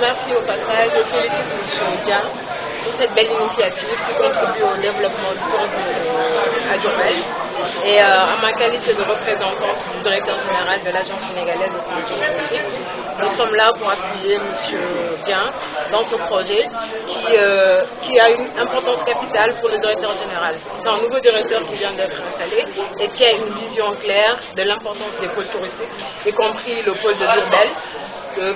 Merci au passage et félicite M. Dia pour cette belle initiative qui contribue au développement du centre euh, à Durbel. Et à euh, ma qualité de représentante du directeur général de l'Agence sénégalaise de tourisme, touristique, nous sommes là pour appuyer M. Bien dans ce projet qui, euh, qui, a une importance capitale pour le directeur général. C'est un nouveau directeur qui vient d'être installé et qui a une vision claire de l'importance des pôles touristiques, y compris le pôle de Durbel,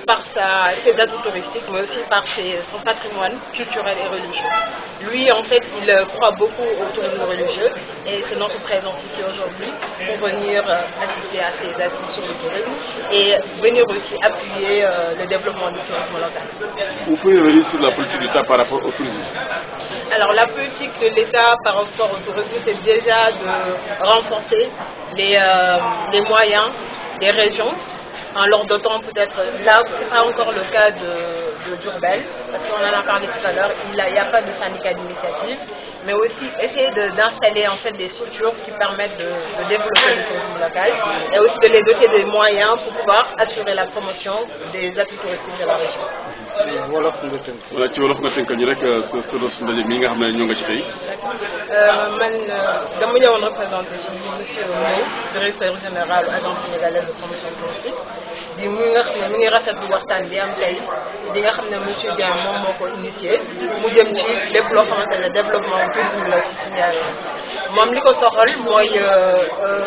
par sa, ses atouts touristiques, mais aussi par ses, son patrimoine culturel et religieux. Lui, en fait, il euh, croit beaucoup au tourisme religieux et c'est notre présence ici aujourd'hui pour venir euh, assister à ces actions sur tourisme et venir aussi appuyer euh, le développement du tourisme local. Vous pouvez revenir sur la politique de l'État par rapport au tourisme Alors, la politique de l'État par rapport au tourisme, c'est déjà de renforcer les, les moyens des régions en leur peut-être, euh, là ce n'est pas encore le cas de, Durbel, parce qu'on en a parlé tout à l'heure, il n'y a, pas de syndicat d'initiative, mais aussi essayer d'installer en fait des structures qui permettent de, développer le tourisme local et aussi de les doter des moyens pour pouvoir assurer la promotion des appuis touristiques de la région. voilà euh, euh, général de promotion touristique. bi mu nga xam ne mi ngi rafetlu waxtaan bi am tey bi nga xam ne monsieur Dieng moom moo ko initié mu jëm ci lépp loo xamante ne développement tourisme la ci Njaaréem moom li ko soxal mooy euh, euh,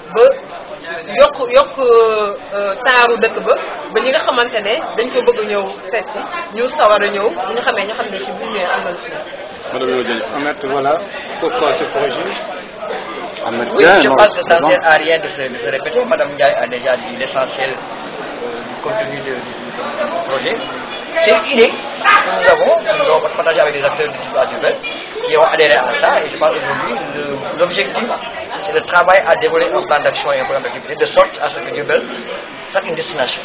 ba yokk yokk euh, euh, taaru dëkk ba ba ñi nga xamante ne dañ ko bëgg ñëw seet ñu sawar a ñëw bu ñu xamee ñu xam ne ci bu ñu ñëwee am nañ voilà pourquoi ce projet. Amath oui, je pense que ça ne sert à rien de se, de se répéter. Madame Ndiaye a déjà dit l'essentiel euh, du contenu tenu du projet. C'est une idée que nous avons, nous avons partagé avec les acteurs du Sud qui ont adhéré à ça et je pense aujourd'hui l'objectif le travail à dévoiler un plan d'action et un programme d'activité de sorte à ce que Dubel soit une destination.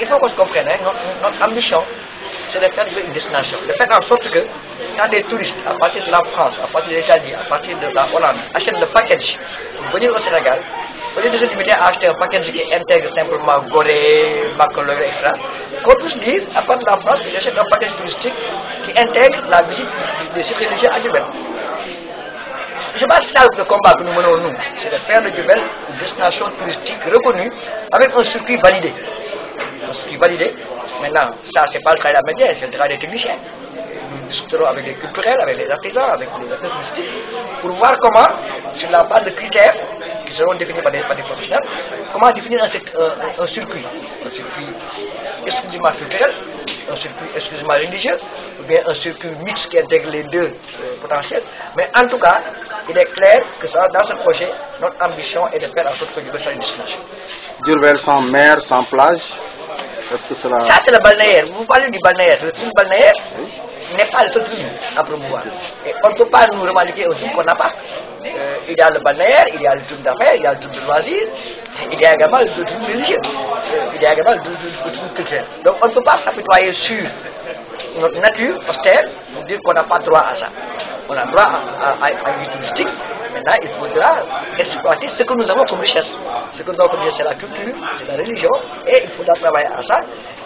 Il, faut qu'on se comprenne, hein. notre, ambition, c'est de faire une destination, de faire en sorte que quand des touristes à partir de la France, à partir de l'Italie, à partir de la Hollande achètent le package pour venir au Sénégal, au lieu de à acheter un package qui intègre simplement Gorée, Bacolore, etc., qu'on puisse dire, à partir de la France, achètent un package touristique qui intègre la visite des sites religieux à Dubel je base cela avec le combat que nous menons nous. C'est de faire de Duvel une destination touristique reconnue avec un circuit validé. Un circuit validé. Maintenant, ça, c'est pas le travail de la médias, c'est le travail des techniciens. Nous discuterons avec les culturels, avec les artisans, avec les acteurs touristiques, pour voir comment, sur la base de critères qui seront définis par des, professionnels, comment définir un, euh, un circuit. Un circuit exclusivement culturel, un circuit exclusivement religieux, ou bien un circuit mixte qui intègre les deux potentiel. Mais en tout cas, il est clair que ça, dans ce projet, notre ambition est de faire en sorte que Durbel soit une destination. Durbel sans mer, sans plage -ce que cela... Ça, c'est le balnéaire. Vous parlez du balnéaire. Le tout balnéaire n'est pas le seul truc à promouvoir. Et on ne peut pas nous revendiquer aussi qu'on n'a pas. Euh, il y a le balnéaire, il y a le truc d'affaires, il y a le truc de loisirs, il y a également le truc religieux, il y a également le truc culturel. Donc on ne peut pas s'apitoyer sur notre nature austère, dire qu'on n'a pas droit à ça. On euh, a droit à, à, à une Maintenant, il faudra exploiter ce que nous avons comme richesse. Ce que nous avons comme richesse, c'est la culture, c'est la religion, et il faudra travailler à ça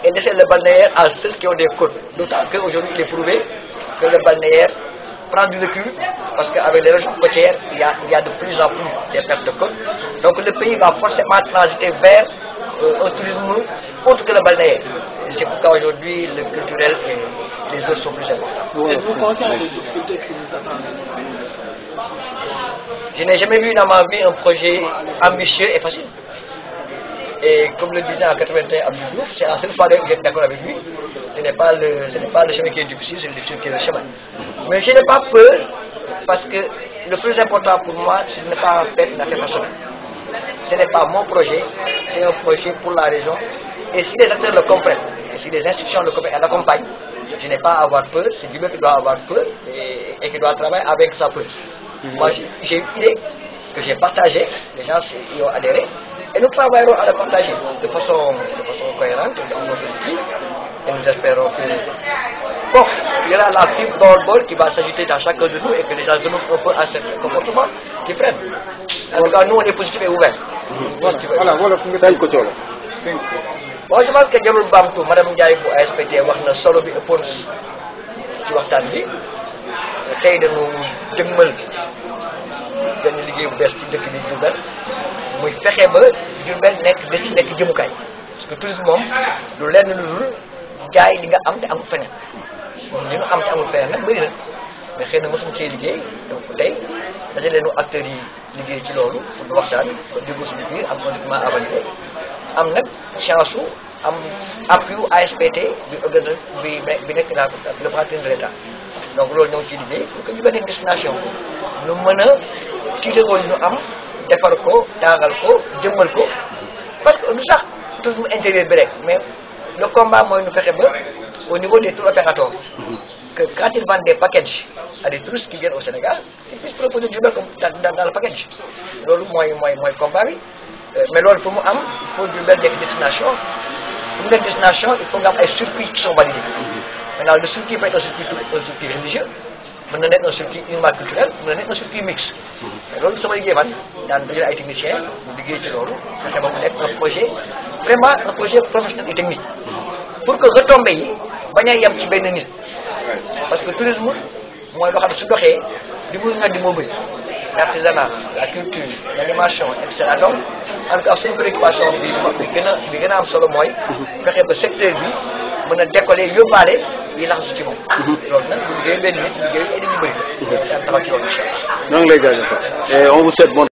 et laisser le balnéaire à ceux qui ont des côtes. D'autant qu'aujourd'hui, il est prouvé que le balnéaire prend du recul, parce qu'avec les régions côtières, il y, a, de plus en plus des pertes de côtes. Donc le pays va forcément transiter vers euh, un tourisme autre que le balnéaire c'est pourquoi aujourd'hui, le culturel et les autres sont plus importants. Êtes-vous pensez des ce qui nous Je n'ai jamais vu dans ma vie un projet ambitieux et facile. Et comme le disait en 81 Abdou c'est la seule fois vous êtes d'accord avec lui. Ce n'est pas, le, chemin qui est difficile, c'est le chemin qui est le chemin. Mais je n'ai pas peur parce que le plus important pour moi, ce n'est pas faire une affaire personnelle. Ce n'est pas mon projet, c'est un projet pour la région. Et si les acteurs le comprennent, et si les institutions l'accompagnent. Je n'ai pas à avoir peur, c'est lui-même qui doit avoir peur et, qui doit travailler avec sa peur. Mhm. Moi, j'ai une idée que j'ai partagée, les gens y ont adhéré, et nous travaillerons à la partager de façon, de façon cohérente, et nous espérons que. Bon, il y aura la fibre bol qui va s'ajouter dans chacun de nous et que les gens de nous proposent à ce comportement qui prennent. En tout nous, on est positifs et ouverts. Mhm. voilà, voilà, voilà, voilà. bon je pense que jarul baamtu madame Ndiaye bu ASPT wax na solo bi ëppoon ci waxtaan bi tey dañu jëmmal benn liggéey bu bees ci dëkk bi Diourbel muy fexe ba Diourbel nekk bés ci nekk jëmukaay parce que tourisme moom lu lenn lu dul jaay li nga am te amul feneen li nga am te amul feneen nag bëri na mais xëy na mosuñ cee liggéey donc tey dañu leenu acteurs yi liggéey ci loolu pour waxtaan ba déglu suñu biir am conditionnement avancé am nag chance su am appui ASPT bi organisé bi bi nekk la le partenaire de l'État donc loolu ñoo ciy liggéey pour que ñu ba nekk destination lu mën a tiitaroon ñu am defar ko taaral ko jëmmal ko parce que du sax tourisme intérieur bi rek mais le combat mooy ñu fexe ba au niveau des tours opérateurs que quand ils vendent des packages à des touristes qui viennent au Sénégal ils puissent proposer du comme dans, dans, dans le package loolu mooy mooy mooy Euh, mais loolu pour mu am il faut ñu mel nekk destination pour mu nekk destination il faut nga am ay circuits qui sont validés maintenant le circuit peut être un circuit un circuit religieux mën na nekk un circuit uniquement culturel mën na nekk un circuit mixte mais loolu liggéey man daan dajale ay techniciens mu liggéey loolu fexe ba mu nekk projet vraiment projet professionnel et technique pour que retombées yi bañ ci benn nit parce que tourisme mooy loo su doxee di muy ŋàddi moo bëri l'artisanat la culture l'animation et cetera donc en tout cas suñu préoccupation bi bi gën a bi gën a am solo mooy fexe ba secteur bi mën a décoller yóbbaale yi laxasu ci moom loolu nag bu liggéey benn nit liggéey ay nit ñu bëri daan tabax ci loolu incha allah ñoo ngi lay jaajëfal on vous souhaite bonne